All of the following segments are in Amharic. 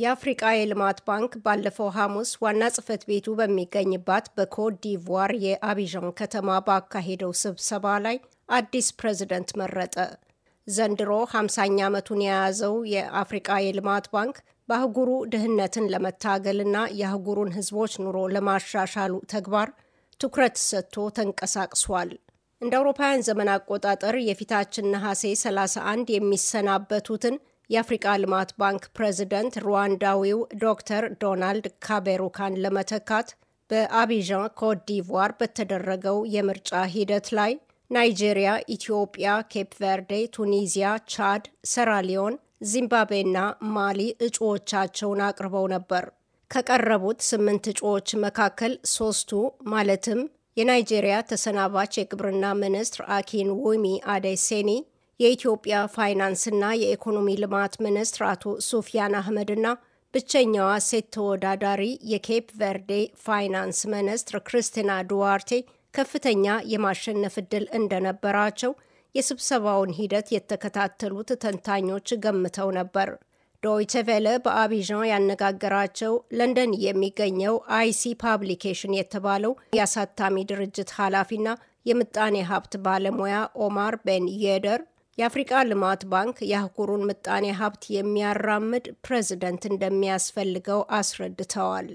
የአፍሪቃ የልማት ባንክ ባለፈው ሐሙስ ዋና ጽህፈት ቤቱ በሚገኝባት በኮት ዲቯር የአቢዣን ከተማ ባካሄደው ስብሰባ ላይ አዲስ ፕሬዝደንት መረጠ። ዘንድሮ 50ኛ ዓመቱን የያዘው የአፍሪቃ የልማት ባንክ በአህጉሩ ድህነትን ለመታገልና የአህጉሩን ህዝቦች ኑሮ ለማሻሻሉ ተግባር ትኩረት ሰጥቶ ተንቀሳቅሷል። እንደ አውሮፓውያን ዘመን አቆጣጠር የፊታችን ነሐሴ 31 የሚሰናበቱትን የአፍሪቃ ልማት ባንክ ፕሬዚደንት ሩዋንዳዊው ዶክተር ዶናልድ ካቤሩካን ለመተካት በአቢዣን ኮት በተደረገው የምርጫ ሂደት ላይ ናይጄሪያ፣ ኢትዮጵያ፣ ኬፕ ቨርዴ፣ ቱኒዚያ፣ ቻድ፣ ሰራሊዮን፣ ዚምባብዌና ማሊ እጩዎቻቸውን አቅርበው ነበር። ከቀረቡት ስምንት እጩዎች መካከል ሶስቱ ማለትም የናይጄሪያ ተሰናባች የግብርና ሚኒስትር አኪን ውሚ አዴሴኒ የኢትዮጵያ ፋይናንስና የኢኮኖሚ ልማት ሚኒስትር አቶ ሶፊያን አህመድና ብቸኛዋ ሴት ተወዳዳሪ የኬፕ ቨርዴ ፋይናንስ ሚኒስትር ክርስቲና ዱዋርቴ ከፍተኛ የማሸነፍ ዕድል እንደነበራቸው የስብሰባውን ሂደት የተከታተሉት ተንታኞች ገምተው ነበር። ዶይቸ ቬለ በአቢዣን ያነጋገራቸው ለንደን የሚገኘው አይሲ ፓብሊኬሽን የተባለው የአሳታሚ ድርጅት ኃላፊና የምጣኔ ሀብት ባለሙያ ኦማር ቤን የደር የአፍሪቃ ልማት ባንክ የአህጉሩን ምጣኔ ሀብት የሚያራምድ ፕሬዝደንት እንደሚያስፈልገው አስረድተዋል።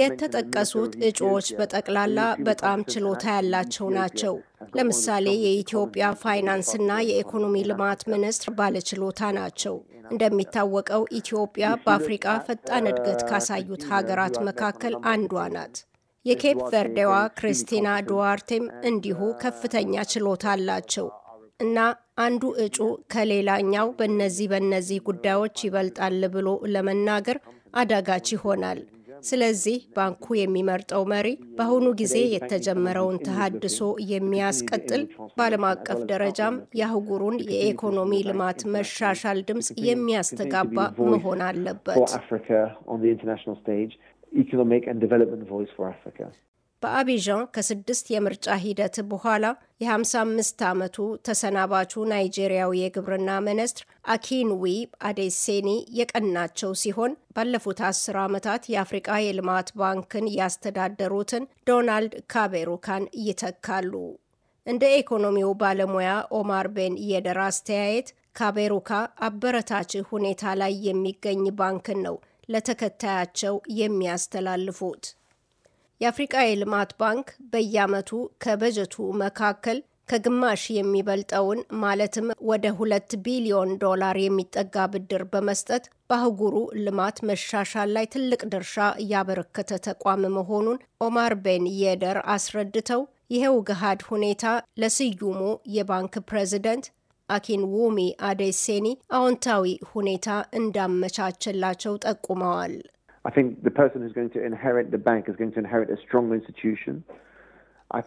የተጠቀሱት እጩዎች በጠቅላላ በጣም ችሎታ ያላቸው ናቸው። ለምሳሌ የኢትዮጵያ ፋይናንስና የኢኮኖሚ ልማት ሚኒስትር ባለችሎታ ናቸው። እንደሚታወቀው ኢትዮጵያ በአፍሪቃ ፈጣን እድገት uh, ካሳዩት ሀገራት መካከል አንዷ ናት። የኬፕ ቨርዴዋ ክሪስቲና ዱዋርቴም እንዲሁ uh, ከፍተኛ ችሎታ አላቸው እና አንዱ እጩ ከሌላኛው በነዚህ በነዚህ ጉዳዮች ይበልጣል ብሎ ለመናገር አዳጋች ይሆናል። ስለዚህ ባንኩ የሚመርጠው መሪ በአሁኑ ጊዜ የተጀመረውን ተሃድሶ የሚያስቀጥል በዓለም አቀፍ ደረጃም የአህጉሩን የኢኮኖሚ ልማት መሻሻል ድምፅ የሚያስተጋባ መሆን አለበት። ኢኮኖሚክ ኤንድ ዲቨሎፕመንት ቮይስ ፎር አፍሪካ በአቢዣን ከስድስት የምርጫ ሂደት በኋላ የ55 ዓመቱ ተሰናባቹ ናይጄሪያዊ የግብርና ሚኒስትር አኪንዊ አዴሴኒ የቀናቸው ሲሆን ባለፉት አስር ዓመታት የአፍሪቃ የልማት ባንክን ያስተዳደሩትን ዶናልድ ካቤሩካን ይተካሉ። እንደ ኢኮኖሚው ባለሙያ ኦማር ቤን የደር አስተያየት ካቤሩካ አበረታች ሁኔታ ላይ የሚገኝ ባንክን ነው ለተከታያቸው የሚያስተላልፉት። የአፍሪቃ የልማት ባንክ በየዓመቱ ከበጀቱ መካከል ከግማሽ የሚበልጠውን ማለትም ወደ ሁለት ቢሊዮን ዶላር የሚጠጋ ብድር በመስጠት በአህጉሩ ልማት መሻሻል ላይ ትልቅ ድርሻ ያበረከተ ተቋም መሆኑን ኦማር ቤን የደር አስረድተው ይሄው ገሃድ ሁኔታ ለስዩሙ የባንክ ፕሬዚደንት አዴሴኒ አዎንታዊ ሁኔታ ጠቁመዋል። I think the person who's going to inherit the bank is going to inherit a strong institution.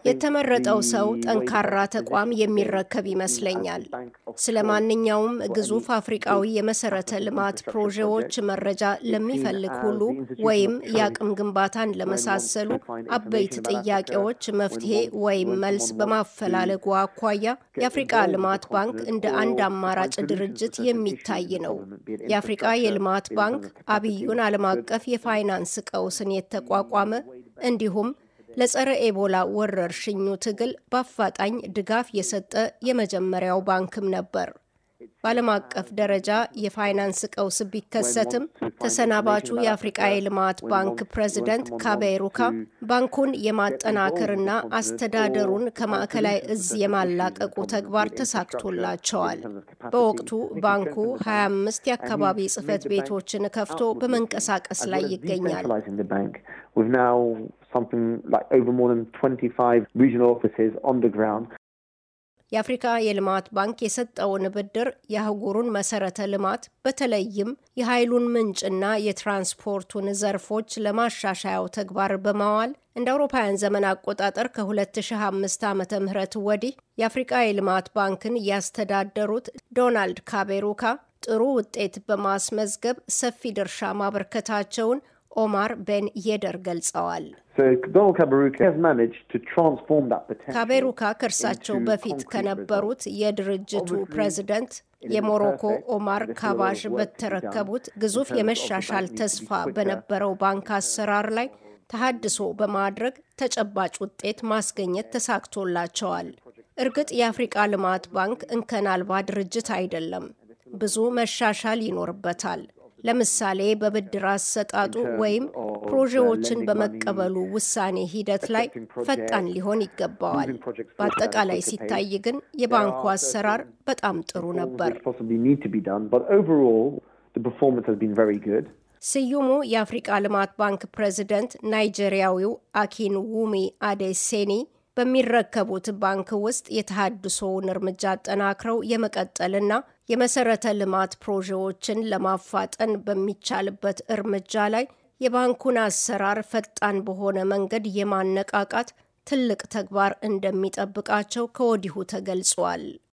የተመረጠው ሰው ጠንካራ ተቋም የሚረከብ uh, ይመስለኛል። ስለ ማንኛውም ግዙፍ አፍሪቃዊ የመሰረተ ልማት ፕሮጀዎች መረጃ uh, ለሚፈልግ ሁሉ ወይም የአቅም ግንባታን ለመሳሰሉ አበይት ጥያቄዎች መፍትሄ ወይም መልስ በማፈላለጉ አኳያ የአፍሪቃ ልማት ባንክ እንደ አንድ አማራጭ ድርጅት የሚታይ ነው። የአፍሪቃ የልማት ባንክ አብዩን ዓለም አቀፍ የፋይናንስ ቀውስን የተቋቋመ እንዲሁም ለጸረ ኤቦላ ወረርሽኙ ትግል በአፋጣኝ ድጋፍ የሰጠ የመጀመሪያው ባንክም ነበር። በዓለም አቀፍ ደረጃ የፋይናንስ ቀውስ ቢከሰትም ተሰናባቹ የአፍሪቃ የልማት ባንክ ፕሬዚደንት ካቤ ሩካ ባንኩን የማጠናከርና አስተዳደሩን ከማዕከላዊ እዝ የማላቀቁ ተግባር ተሳክቶላቸዋል። በወቅቱ ባንኩ 25 የአካባቢ ጽህፈት ቤቶችን ከፍቶ በመንቀሳቀስ ላይ ይገኛል። We've now something like over more than 25 regional offices on the ground የአፍሪካ የልማት ባንክ የሰጠውን ብድር የአህጉሩን መሰረተ ልማት በተለይም የኃይሉን ምንጭና የትራንስፖርቱን ዘርፎች ለማሻሻያው ተግባር በማዋል እንደ አውሮፓውያን ዘመን አቆጣጠር ከ2005 ዓ ም ወዲህ የአፍሪቃ የልማት ባንክን ያስተዳደሩት ዶናልድ ካቤሩካ ጥሩ ውጤት በማስመዝገብ ሰፊ ድርሻ ማበርከታቸውን ኦማር ቤን የደር ገልጸዋል። ካቤሩካ ከእርሳቸው በፊት ከነበሩት የድርጅቱ ፕሬዚደንት የሞሮኮ ኦማር ካባዥ በተረከቡት ግዙፍ የመሻሻል ተስፋ በነበረው ባንክ uh, አሰራር ላይ ተሃድሶ በማድረግ ተጨባጭ ውጤት ማስገኘት ተሳክቶላቸዋል። እርግጥ የአፍሪቃ ልማት ባንክ እንከን አልባ ድርጅት አይደለም፣ ብዙ መሻሻል ይኖርበታል። ለምሳሌ በብድር አሰጣጡ ወይም uh, ፕሮጀዎችን በመቀበሉ ውሳኔ ሂደት ላይ ፈጣን ሊሆን ይገባዋል። በአጠቃላይ ሲታይ ግን የባንኩ አሰራር በጣም ጥሩ ነበር። ስዩሙ የአፍሪቃ ልማት ባንክ ፕሬዚደንት ናይጄሪያዊው አኪን ውሚ አዴሴኒ በሚረከቡት ባንክ ውስጥ የተሃድሶውን እርምጃ አጠናክረው የመቀጠልና የመሰረተ ልማት ፕሮጀዎችን ለማፋጠን በሚቻልበት እርምጃ ላይ የባንኩን አሰራር ፈጣን በሆነ መንገድ የማነቃቃት ትልቅ ተግባር እንደሚጠብቃቸው ከወዲሁ ተገልጿል።